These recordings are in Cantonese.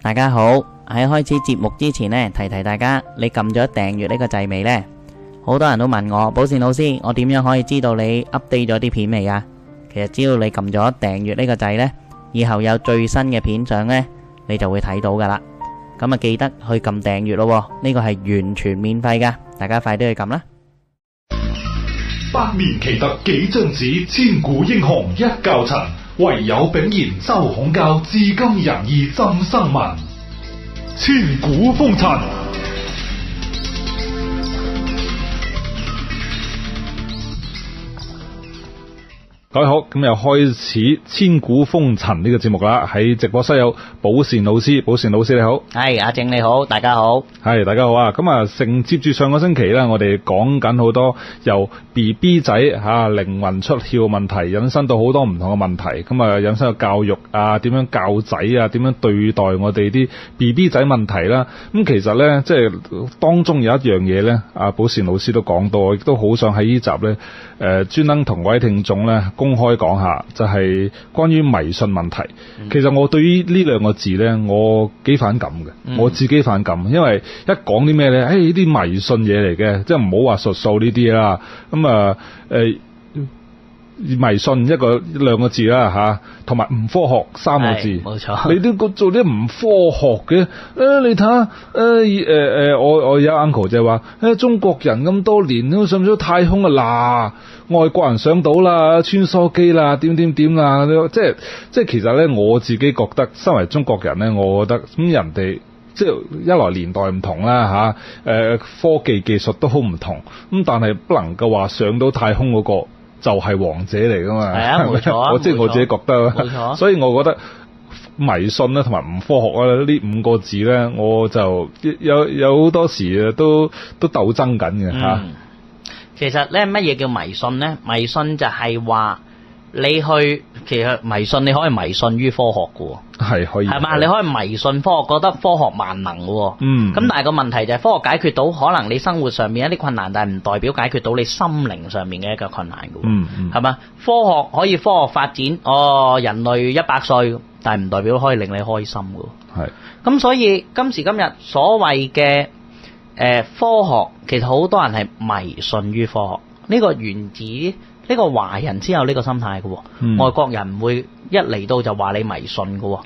大家好，喺開始節目之前呢，提提大家，你撳咗訂閱呢個掣未呢？好多人都問我，寶善老師，我點樣可以知道你 update 咗啲片未啊？其實只要你撳咗訂閱呢個掣呢，以後有最新嘅片相呢，你就會睇到噶啦。咁啊，記得去撳訂閱咯，呢、這個係完全免費噶，大家快啲去撳啦。百年奇特幾張紙，千古英雄一舊塵。唯有炳然周孔教，至今仁義浸生民，千古風塵。各位好，咁又開始千古風塵呢、這個節目啦。喺直播室有寶善老師，寶善老師你好，係阿正你好，大家好，係大家好啊。咁啊，承接住上個星期啦，我哋講緊好多由 B B 仔吓啊、靈魂出竅問題引申到好多唔同嘅問題，咁啊引申到教育啊，點樣教仔啊，點樣對待我哋啲 B B 仔問題啦。咁其實呢，即係當中有一樣嘢呢，阿、啊、寶善老師都講到，亦都好想喺呢集呢。誒專登同位聽眾咧公開講下，就係、是、關於迷信問題。其實我對於呢兩個字咧，我幾反感嘅。嗯、我自己反感，因為一講啲咩咧，呢、哎、啲迷信嘢嚟嘅，即係唔好話術數呢啲啦。咁、嗯、啊、呃呃迷信一個兩個字啦嚇，同埋唔科學三個字。冇錯、哎、你都做啲唔科學嘅、哎。你睇下、哎呃、我我有 uncle 就話、哎、中國人咁多年都上咗太空啊嗱、呃，外國人上到啦穿梭機啦點點點啦，即係即係其實咧我自己覺得身為中國人咧，我覺得咁人哋即係一來年代唔同啦、啊呃、科技技術都好唔同，咁但係不能夠話上到太空嗰、那個。就係王者嚟噶嘛，我即係我自己覺得，冇錯 所以我覺得迷信咧同埋唔科學咧呢五個字咧，我就有有好多時啊都都鬥爭緊嘅嚇。嗯啊、其實咧，乜嘢叫迷信咧？迷信就係話。你去其實迷信，你可以迷信於科學嘅喎，係可以係嘛？是吧？是。你可以迷信科學，覺得科學萬能嘅喎，嗯。咁但係個問題就係科學解決到可能你生活上面一啲困難，但係唔代表解決到你心靈上面嘅一個困難嘅、嗯，嗯嗯，係嘛？科學可以科學發展，哦，人類一百歲，但係唔代表可以令你開心嘅，係。是。咁所以今時今日所謂嘅誒、呃、科學，其實好多人係迷信於科學呢、這個原子。呢個華人先有呢個心態嘅喎，外國人唔會一嚟到就話你迷信嘅喎，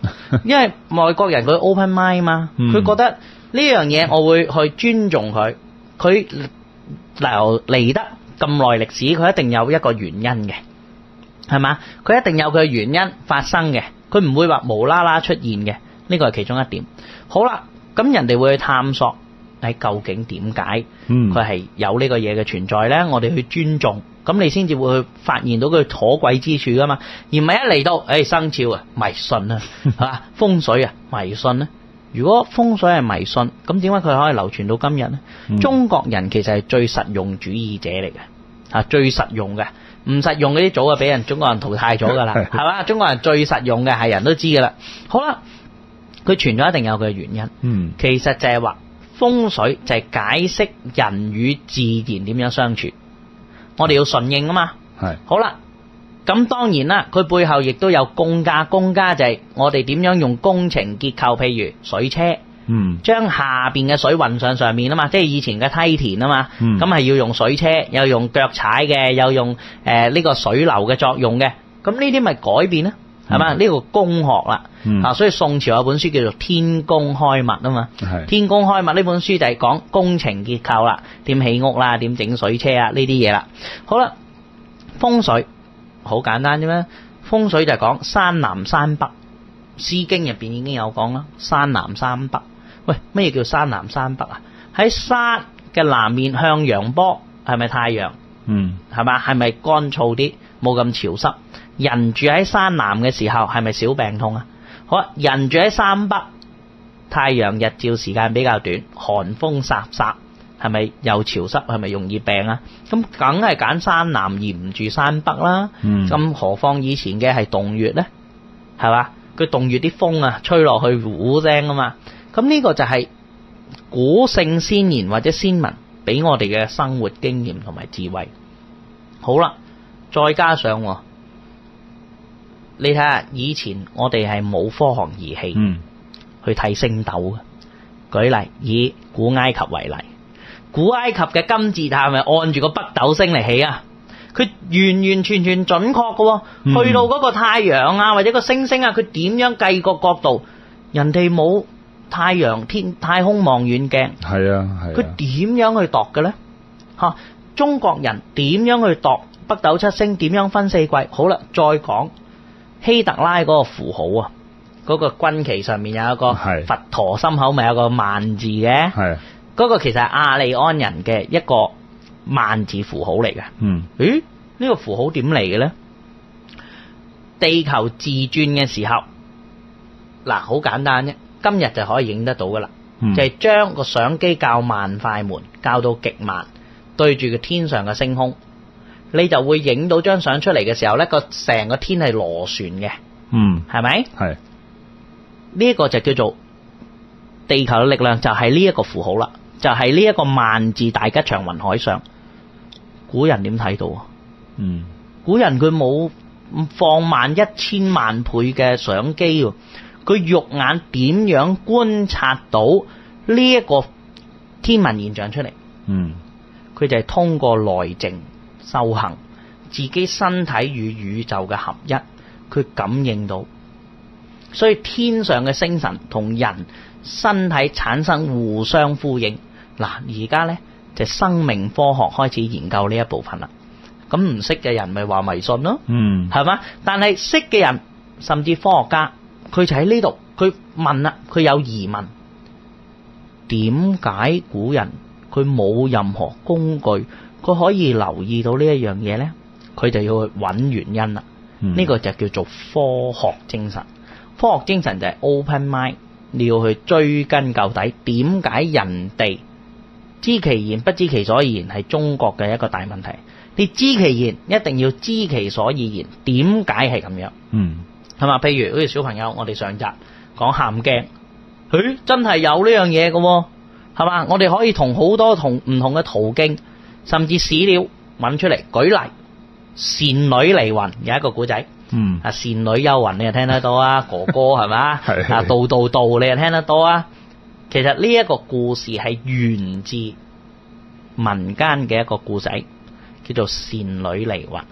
因為外國人佢 open mind 嘛、嗯，佢覺得呢樣嘢我會去尊重佢，佢嚟、嗯、得咁耐歷史，佢一定有一個原因嘅，係嘛？佢一定有佢嘅原因發生嘅，佢唔會話無啦啦出現嘅，呢個係其中一點。好啦，咁人哋會去探索究竟點解佢係有呢個嘢嘅存在呢？嗯、我哋去尊重。咁你先至會去發現到佢可貴之處噶嘛，而唔係一嚟到，誒、哎，生肖啊迷信啊，係嘛 風水啊迷信咧，啊？如果風水係迷信，咁點解佢可以流傳到今日呢？嗯、中國人其實係最實用主義者嚟嘅，吓最實用嘅，唔實用嗰啲早啊俾人中國人淘汰咗噶啦，係嘛？ 中國人最實用嘅係人都知噶啦。好啦，佢傳咗一定有佢嘅原因。嗯，其實就係話風水就係解釋人與自然點樣相處。我哋要順應啊嘛，係是好啦，咁當然啦，佢背後亦都有公家公家，就係我哋點樣用工程結構，譬如水車，嗯，將下邊嘅水運上上面啊嘛，即係以前嘅梯田啊嘛，咁係、嗯、要用水車，又用腳踩嘅，又用誒呢、呃這個水流嘅作用嘅，咁呢啲咪改變咧？係嘛？呢個工學啦，嗯、所以宋朝有本書叫做《天工開物》啊嘛是，《天工開物》呢本書就係講工程結構啦，點起屋啦，點整水車啊呢啲嘢啦。好啦，風水好簡單啫咩？風水就係講山南山北，《詩經》入邊已經有講啦，山南山北。喂，咩叫山南山北啊？喺山嘅南面向陽坡，係咪太陽？嗯，係嘛？係咪乾燥啲，冇咁潮濕？人住喺山南嘅時候，係咪少病痛啊？好啊，人住喺山北，太陽日照時間比較短，寒風颯颯，係咪又潮濕？係咪容易病啊？咁梗係揀山南而唔住山北啦。咁、嗯、何況以前嘅係洞穴呢？係嘛？佢洞穴啲風啊，吹落去嗚嗚聲啊嘛。咁呢個就係古聖先賢或者先民俾我哋嘅生活經驗同埋智慧。好啦，再加上。你睇下，以前我哋係冇科學儀器去睇星斗嘅。舉例以古埃及為例，古埃及嘅金字塔係咪按住個北斗星嚟起啊？佢完完全全準確嘅，去到嗰個太陽啊，或者個星星啊，佢點樣計個角度？人哋冇太陽天太空望遠鏡，係啊係啊，佢點樣去度嘅呢？嚇，中國人點樣去度北斗七星？點樣分四季？好啦，再講。希特拉嗰個符號啊，嗰、那個軍旗上面有一個佛陀心口，咪是的 有個萬字嘅？嗰是的 個其實係亞利安人嘅一個萬字符號嚟嘅。嗯，咦？呢、這個符號點嚟嘅呢？地球自轉嘅時候，嗱好簡單啫，今日就可以影得到噶啦。嗯、就係將個相機較慢快門，較到極慢，對住個天上嘅星空。你就會影到張相出嚟嘅時候，呢個成個天係螺旋嘅，嗯，係咪吧？係是。呢個就叫做地球嘅力量，就係呢一個符號啦，就係呢一個萬字大吉祥雲海上。古人點睇到啊？嗯。古人佢冇放慢一千萬倍嘅相機喎，佢肉眼點樣觀察到呢一個天文現象出嚟？嗯。佢就係通過內證。修行，自己身體與宇宙嘅合一，佢感應到，所以天上嘅星辰同人身體產生互相呼應。嗱，而家呢，就生命科學開始研究呢一部分啦。咁唔識嘅人咪話迷信咯，嗯，係嘛？但係識嘅人甚至科學家，佢就喺呢度，佢問啦，佢有疑問，點解古人佢冇任何工具？佢可以留意到呢一樣嘢呢，佢就要去揾原因啦。呢、嗯、個就叫做科學精神。科學精神就係 open mind，你要去追根究底，點解人哋知其然不知其所以然，係中國嘅一個大問題。你知其然，一定要知其所以然。點解係咁樣？嗯，係嘛？譬如好似小朋友，我哋上集講喊驚，誒真係有呢樣嘢嘅喎，係嘛？我哋可以同好多同唔同嘅途徑。甚至史料揾出嚟。舉例，倩女離魂有一個故仔，嗯，啊倩女幽魂你又聽得到啊， 哥哥係咪啊，道道道你又聽得到啊。其實呢一個故事係源自民間嘅一個故仔，叫做倩女離魂。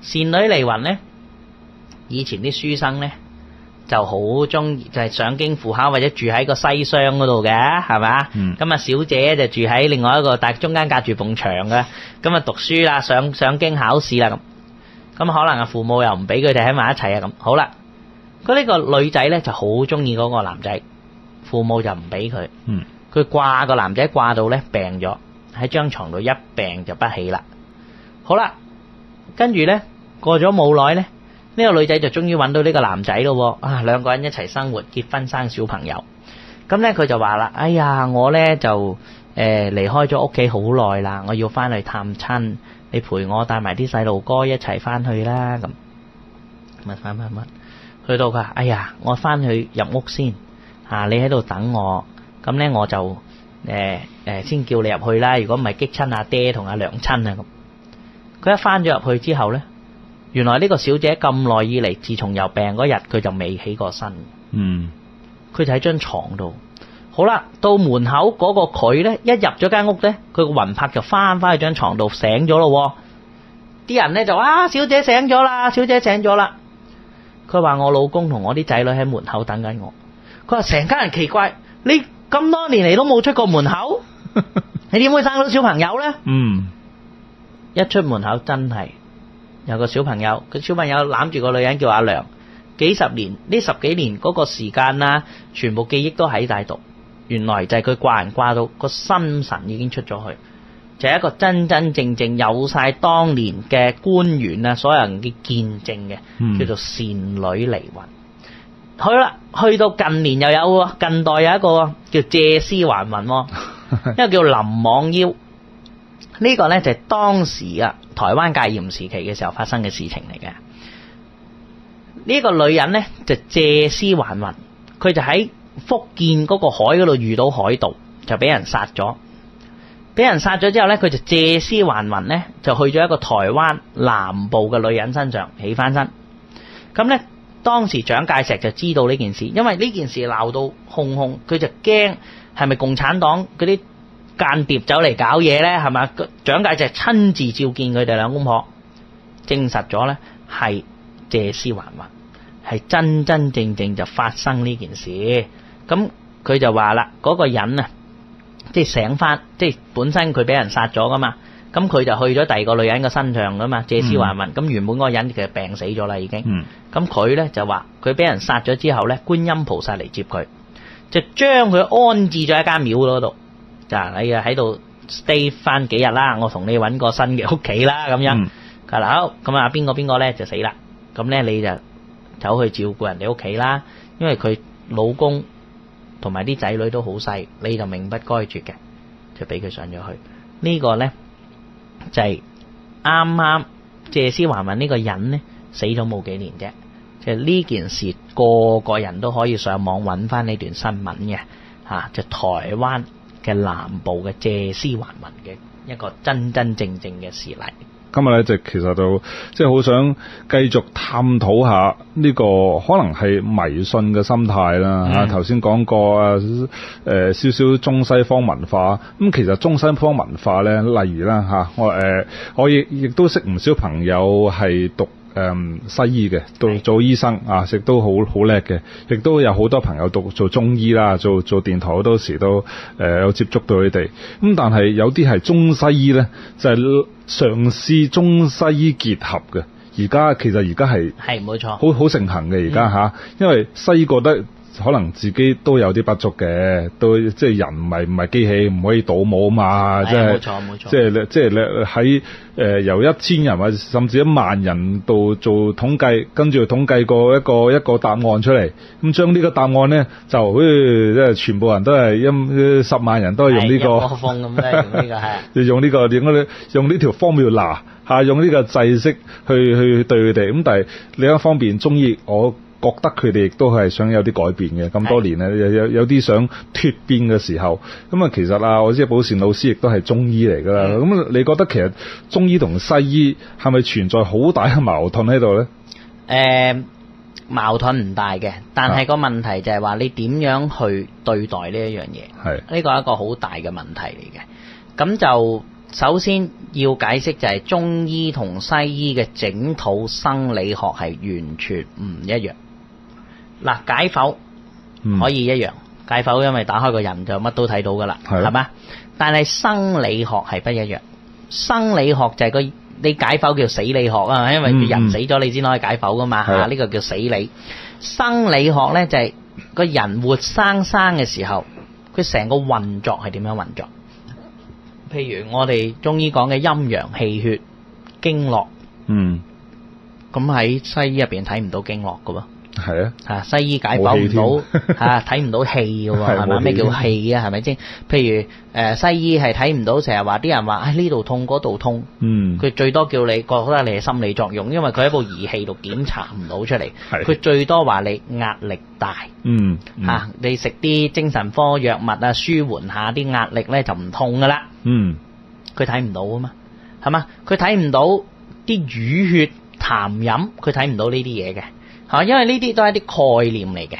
倩女離魂咧，以前啲書生咧，就好中意，就係上京赴考，或者住喺個西廂嗰度嘅，係咪？咁啊、嗯，小姐就住喺另外一個大，但係中間隔住埲牆嘅。咁啊，讀書啦，上上京考試啦，咁咁可能啊，父母又唔俾佢哋喺埋一齊啊。咁好啦，嗰呢個女仔咧就好中意嗰個男仔，父母就唔俾佢。佢掛個男仔掛到咧病咗，喺張床度一病就不起啦。好啦，跟住咧過咗冇耐咧。呢個女仔就終於揾到呢個男仔咯喎！啊，兩個人一齊生活、結婚、生小朋友。咁呢，佢就話啦：哎呀，我呢就呃、離開咗屋企好耐啦，我要翻去探親，你陪我帶埋啲細路哥一齊翻去啦。咁乜翻翻乜？去、嗯嗯嗯嗯嗯、到佢話：哎呀，我翻去入屋先、啊、你喺度等我。咁呢，我就、呃呃、先叫你入去啦。如果唔係激親阿爹同阿娘親啊！咁佢一翻咗入去之後呢。原來呢個小姐咁耐以嚟，自從有病嗰日，佢就未起過身。嗯，佢就喺張床度。好啦，到門口嗰個佢呢，一入咗間屋呢，佢個魂魄就翻翻去張床度醒咗咯。啲人呢就說：，啊，小姐醒咗啦，小姐醒咗啦！佢話：我老公同我啲仔女喺門口等緊我。佢話：成家人奇怪，你咁多年嚟都冇出過門口， 你點會生到小朋友呢？嗯，一出門口真係。有個小朋友，個小朋友攬住個女人叫阿娘。幾十年呢，十幾年嗰個時間啦，全部記憶都喺大度。原來就係佢掛人掛到個心神已經出咗去，就係、一個真真正正有晒當年嘅官員啊，所有人嘅見證嘅，叫做倩女離魂。好啦、嗯，去到近年又有，近代有一個叫借屍還魂， 一個叫林罔腰。呢個呢，就係當時啊，台灣戒嚴時期嘅時候發生嘅事情嚟嘅。呢、這個女人呢，就借屍還魂，佢就喺福建嗰個海嗰度遇到海盜，就俾人殺咗。俾人殺咗之後呢，佢就借屍還魂呢，就去咗一個台灣南部嘅女人身上起翻身。咁呢，當時蔣介石就知道呢件事，因為呢件事鬧到轟轟，佢就驚係咪共產黨嗰啲。間諜走嚟搞嘢呢，係嘛？蔣介石親自召見佢哋兩公婆，證實咗呢係借屍還魂，係真真正正就發生呢件事。咁佢就話啦，嗰、嗰個人啊，即係醒翻，即係本身佢俾人殺咗噶嘛。咁佢就去咗第二個女人嘅身上噶嘛，借屍還魂。咁、嗯、原本嗰個人其實病死咗啦，已經、嗯。咁佢呢就話佢俾人殺咗之後呢，觀音菩薩嚟接佢，就將佢安置咗一間廟度。嗱，你啊喺度 stay 翻幾日啦，我同你揾個新嘅屋企啦，咁樣。佢話、嗯：好咁啊，邊個邊個呢？就死啦。咁呢，你就走去照顧人哋屋企啦，因為佢老公同埋啲仔女都好細，你就命不該絕嘅，就俾佢上咗去呢、呢個呢，就係啱啱謝思華文呢個人呢，死咗冇幾年啫，即係呢件事個個人都可以上網揾翻呢段新聞嘅嚇、啊，就是、台灣，嘅南部嘅借屍還魂嘅一個真真正正嘅事例。今日咧，就其實就即係好想繼續探討下呢個可能係迷信嘅心態啦吓，頭先講過啊，誒、呃，少少中西方文化咁，其實中西方文化咧，例如啦吓、啊，我誒、呃，我亦亦都識唔少朋友係讀。誒、嗯、西醫嘅，做做醫生是啊，亦都好好叻嘅，亦都有好多朋友讀做中醫啦，做做電台好多時都誒、呃、有接觸到佢哋。咁但係有啲係中西醫咧，就係嘗試中西醫結合嘅。而家其實而家係係冇錯，好好盛行嘅而家吓，嗯、因為西醫覺得。可能自己都有啲不足嘅，都即係人唔係唔係機器，唔可以倒模啊嘛！即係冇錯，冇錯的，即係你即係你喺誒由一千人或者甚至一萬人度做統計，跟住統計過一個一個答案出嚟。咁將呢個答案咧，就好似即係全部人都係一十萬人都係用呢、這個咁咧、哎呀 這個，用呢、這個係。用呢、這個用嗰、這、啲、個、用呢條方妙拿吓，用呢個制式去去對佢哋。咁但係另一方面，中醫我。覺得佢哋亦都係想有啲改變嘅，咁多年咧，有有有啲想脫變嘅時候，咁啊，其實啊，我知道寶善老師亦都係中醫嚟噶啦，咁是的 你覺得其實中醫同西醫係咪存在好大嘅矛盾喺度呢？誒，矛盾唔大嘅，但係個問題就係話你點樣去對待呢一樣嘢？係呢個係一個好大嘅問題嚟嘅。咁就首先要解釋就係中醫同西醫嘅整套生理學係完全唔一樣。嗱，解剖、嗯、可以一樣，解剖因為打開個人就乜都睇到噶啦，係嘛是的？但係生理學係不一樣，生理學就係個你解剖叫死理學啊，因為人死咗你先可以解剖噶嘛，呢個叫死理。生理學呢，就係個人活生生嘅時候，佢成個運作係點樣運作？譬如我哋中醫講嘅陰陽氣血經絡，嗯，咁喺西醫入面睇唔到經絡㗎噃。係啊，嚇西醫解剖唔到嚇，睇唔到氣㗎喎，係嘛？咩叫氣啊？係咪先？譬如誒、呃，西醫係睇唔到，成日話啲人話唉呢度痛，嗰度痛，那痛嗯，佢最多叫你覺得你係心理作用，因為佢喺部儀器度檢查唔到出嚟，佢、嗯、最多話你壓力大，嗯嚇、嗯啊，你食啲精神科藥物啊，舒緩下啲壓力咧就唔痛噶啦，嗯，佢睇唔到啊嘛，係嘛？佢睇唔到啲淤血痰飲，佢睇唔到呢啲嘢嘅。嚇，因為呢啲都係一啲概念嚟嘅。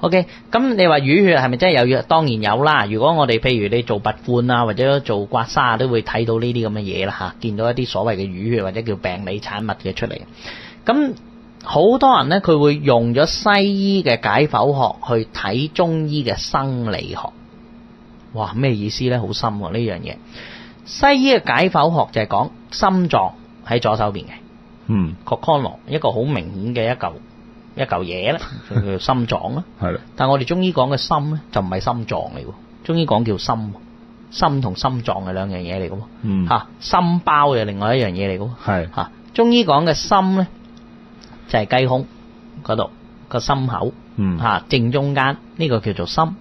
OK，咁你話淤血係咪真係有？當然有啦。如果我哋譬如你做拔罐啊，或者做刮痧啊，都會睇到呢啲咁嘅嘢啦吓，見到一啲所謂嘅淤血或者叫病理產物嘅出嚟。咁好多人呢，佢會用咗西醫嘅解剖學去睇中醫嘅生理學。哇，咩意思呢？好深喎呢樣嘢。西醫嘅解剖學就係講心臟喺左手邊嘅，嗯，個 c o 一個好明顯嘅一嚿。一嚿嘢啦，叫做心臟啦，係啦。但係我哋中醫講嘅心咧，就唔係心臟嚟，中醫講叫心，心同心臟係兩樣嘢嚟嘅。嗯，吓心包又另外一樣嘢嚟嘅。係吓中醫講嘅心咧，就係雞胸嗰度個心口，嗯吓正中間呢個叫做心。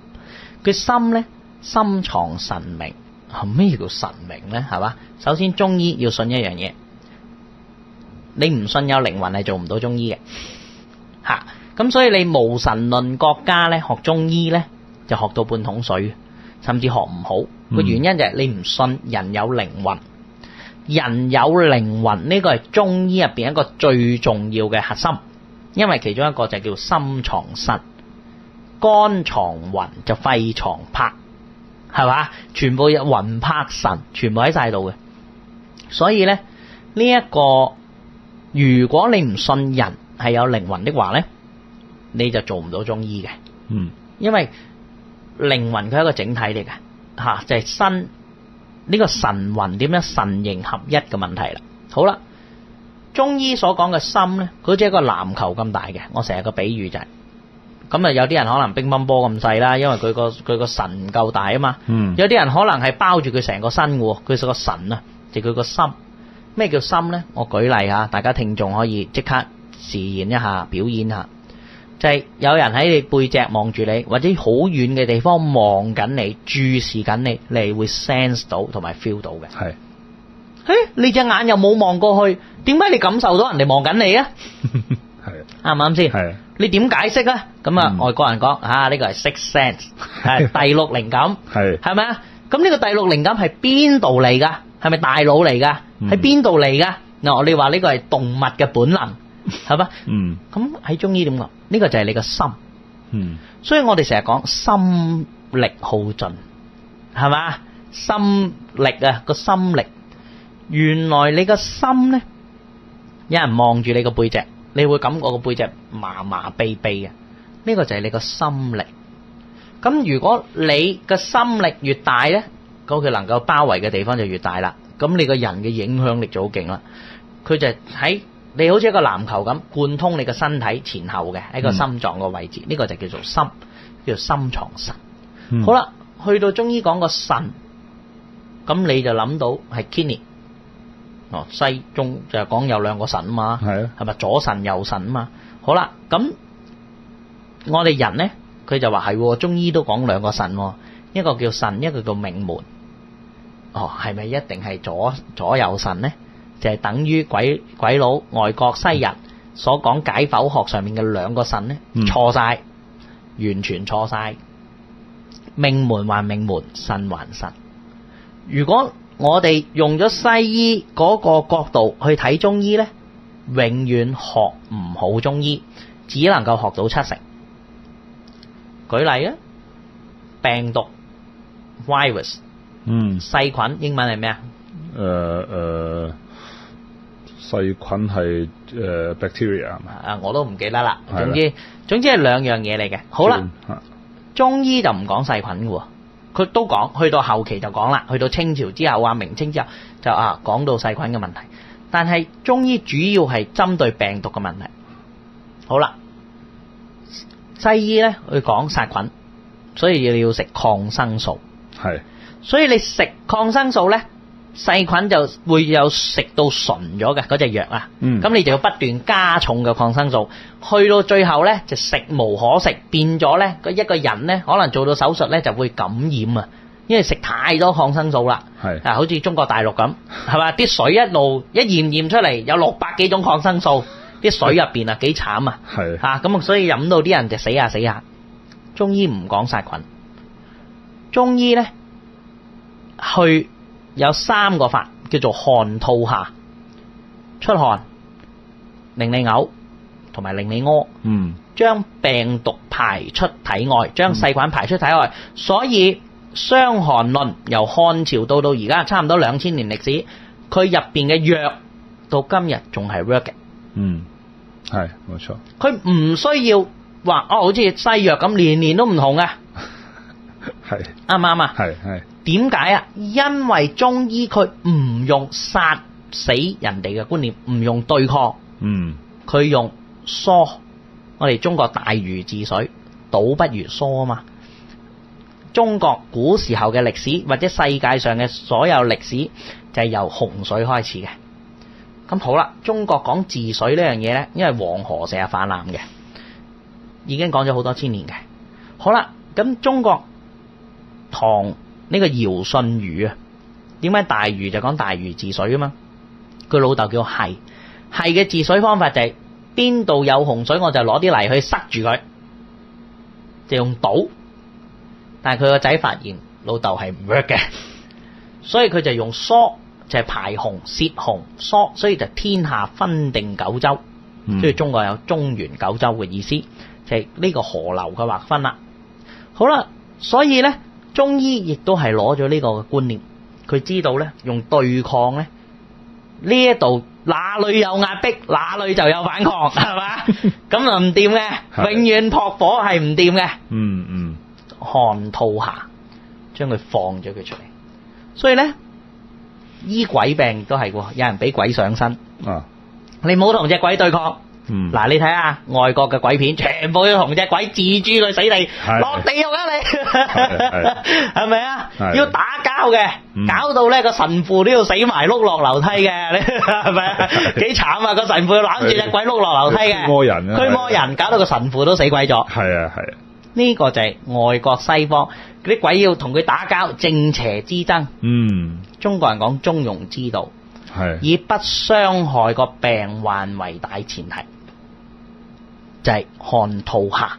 佢心咧心藏神明，係，咩叫神明咧？係嘛，首先中醫要信一樣嘢，你唔信有靈魂係做唔到中醫嘅。咁、啊、所以你無神論國家咧學中醫咧就學到半桶水，甚至學唔好個、嗯、原因就係你唔信人有靈魂，人有靈魂呢個係中醫入邊一個最重要嘅核心，因為其中一個就叫心藏神，肝藏魂，就肺藏魄，係嘛？全部有魂魄神，全部喺晒度嘅，所以咧呢一、呢個如果你唔信人。係有靈魂的話呢，你就做唔到中醫嘅。嗯，因為靈魂佢係一個整體嚟嘅，吓、啊、就係、是、身。呢、這個神魂點樣神形合一嘅問題啦。好啦，中醫所講嘅心呢，佢好似一個籃球咁大嘅。我成日個比喻就係咁啊，有啲人可能乒乓波咁細啦，因為佢個佢個神唔夠大啊嘛。嗯，有啲人可能係包住佢成個身嘅，佢個神啊，就佢、是、個心。咩叫心呢？我舉例下，大家聽眾可以即刻試驗一下，表演下，就係有人喺你背脊望住你，或者好遠嘅地方望緊你，注視緊你，你會 sense 到同埋 feel 到嘅。係，嘿，你隻眼又冇望過去，點解你感受到人哋望緊你啊？係，啱唔啱先？係，你點解釋啊？咁啊，外國人講啊，呢個係 sixth sense 係第六靈感，係係咪啊？咁呢個第六靈感係邊度嚟噶？係咪大腦嚟噶？喺邊度嚟噶？嗱，我哋話呢個係動物嘅本能。係嘛？嗯，咁喺中醫點講？呢個就係你個心。嗯，所以我哋成日講心力耗盡，係嘛？心力啊，個心力原來你個心咧，有人望住你個背脊，你會感覺個背脊麻麻痹痹嘅。呢個就係你個心力。咁如果你個心力越大咧，咁佢能夠包圍嘅地方就越大啦。咁你個人嘅影響力就好勁啦。佢就喺。你好似一個籃球咁貫通你個身體前後嘅，喺個心臟嘅位置，呢、嗯、個就叫做心，叫做心藏神。嗯、好啦，去到中醫講個腎，咁你就諗到係 Kidney 哦，西中就係講有兩個腎啊嘛，係咪的左腎右腎啊嘛？好啦，咁我哋人呢，佢就話係中醫都講兩個腎，啊，一個叫腎，一個叫命門。哦，係咪一定係左左右腎呢？就係等於鬼鬼佬、外國西人所講解剖學上面嘅兩個腎，咧、嗯，錯晒，完全錯晒，命門還命門，腎還腎。如果我哋用咗西醫嗰個角度去睇中醫呢，永遠學唔好中醫，只能夠學到七成。舉例啊，病毒、virus，嗯，細菌英文係咩啊？呃呃細菌係誒 bacteria 啊，我都唔記得啦的。總之總之係兩樣嘢嚟嘅。好啦，啊、中醫就唔講細菌嘅喎，佢都講，去到後期就講啦，去到清朝之後啊，明清之後就啊講到細菌嘅問題。但係中醫主要係針對病毒嘅問題。好啦，西醫呢，佢講殺菌，所以你要食抗生素。係的。所以你食抗生素呢？細菌就會有食到純咗嘅嗰隻藥啊，咁你就要不斷加重嘅抗生素，去到最後咧就食無可食，變咗咧嗰一個人咧可能做到手術咧就會感染啊，因為食太多抗生素啦，啊好似中國大陸咁，係嘛，啲水一路一驗，驗出嚟有六百幾種抗生素，啲水入邊啊，幾慘啊，嚇咁啊，所以飲到啲人就死下死下，中醫唔講殺菌，中醫咧去。有三個法叫做汗、吐、下，出汗、令你嘔同埋令你屙、呃，嗯，將病毒排出體外，將細菌排出體外。嗯、所以傷寒論由漢朝到到而家差唔多兩千年歷史，佢入面嘅藥到今日仲係 work 嘅，嗯，係冇錯。佢唔需要話哦，好似西藥咁年年都唔同㗎。係啱唔啱啊？係。點解啊？因為中醫佢唔用殺死人哋嘅觀念，唔用對抗，嗯，佢用疏。我哋中國大禹治水，堵不如疏啊嘛。中國古時候嘅歷史或者世界上嘅所有歷史，就係、是、由洪水開始嘅。咁好啦，中國講治水呢樣嘢呢，因為黃河成日泛濫嘅，已經講咗好多千年嘅。好啦，咁中國唐。呢個堯舜禹啊，點解大禹就講大禹治水啊嘛？佢老豆叫係，係嘅治水方法就係邊度有洪水我就攞啲泥去塞住佢，就用堵。但係佢個仔發現老豆係唔 work 嘅，所以佢就用疏，就係、是、排洪洩洪疏，所以就天下分定九州，所以、嗯、中國有中原九州嘅意思，就係、是、呢個河流嘅劃分啦。好啦，所以咧。中醫亦都係攞咗呢個觀念，佢知道呢，用對抗呢，呢一度，哪裏有壓迫，哪裏就有反抗，係嘛？咁 就唔掂嘅，永遠撲火係唔掂嘅。嗯嗯的，汗吐下，將佢放咗佢出嚟。所以呢，醫鬼病都係喎，有人俾鬼上身。啊，你冇同隻鬼對抗。嗱，你睇下外國嘅鬼片，全部要同隻鬼治住佢死地，落地獄啊你，係咪啊？要打交嘅，搞到咧個神父都要死埋碌落樓梯嘅，係咪啊？幾慘啊！個神父要攬住隻鬼碌落樓梯嘅，人驅魔人搞到個神父都死鬼咗。係啊，係呢個就係外國西方嗰啲鬼要同佢打交，正邪之爭。嗯，中國人講中庸之道，係以不傷害個病患為大前提。就係汗吐下，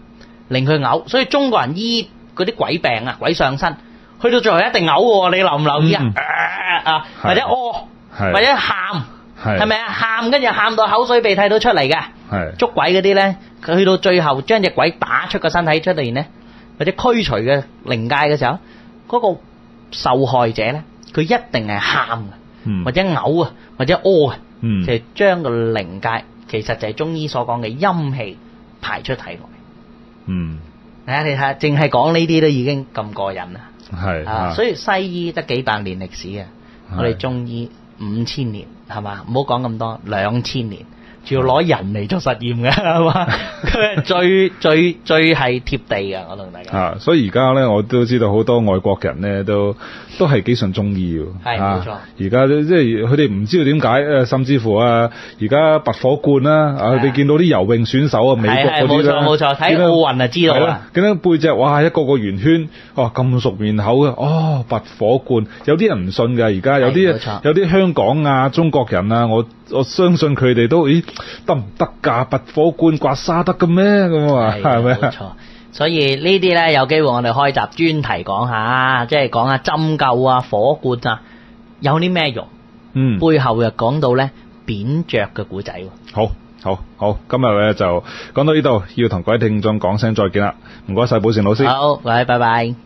令佢嘔，所以中國人醫嗰啲鬼病啊，鬼上身，去到最後一定嘔喎，你留唔留意啊？嗯、啊，或者屙，的或者喊，係咪啊？喊，跟住喊到口水鼻涕都出嚟嘅，的捉鬼嗰啲咧，佢去到最後將隻鬼打出個身體出嚟咧，或者驅除嘅靈界嘅時候，嗰、嗰個受害者咧，佢一定係喊啊、嗯，或者嘔啊，或者屙啊，就係將個靈界其實就係中醫所講嘅陰氣。排出體外，嗯，誒、啊、你睇，淨係講呢啲都已經咁過癮啦，係是啊，所以西醫得幾百年歷史啊，是我哋中醫五千年，係嘛？唔好講咁多，兩千年。仲要攞人嚟做實驗嘅，係嘛？佢係最 最最係貼地嘅。我同大家啊，所以而家咧，我都知道好多外國人咧，都都係幾順中意喎。係冇是、啊、錯。而家即係佢哋唔知道點解，誒，甚至乎啊，而家拔火罐啦、啊，啊，啊，你見到啲游泳選手啊，美國嗰啲冇錯冇錯，睇奧運啊，到就知道啦、啊。見到背脊，哇，一個個圓圈，哇、哦，咁熟面口嘅，哦，拔火罐。有啲人唔信嘅，而家有啲有啲香港啊，中國人啊，我。我相信佢哋都咦得唔得？㗎、啊、拔火罐刮痧得嘅咩？咁啊的，係咪啊？所以呢啲咧有機會我哋開集專題講下，即係講下針灸啊、火罐啊，有啲咩用？嗯，背後又講到咧扁鵲嘅故仔。好，好，好，今日咧就講到呢度，要同各位聽眾講聲再見啦。唔該晒，寶善老師。好，喂，拜拜。